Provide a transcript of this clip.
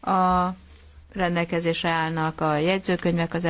a rendelkezésre állnak a jegyzőkönyvek az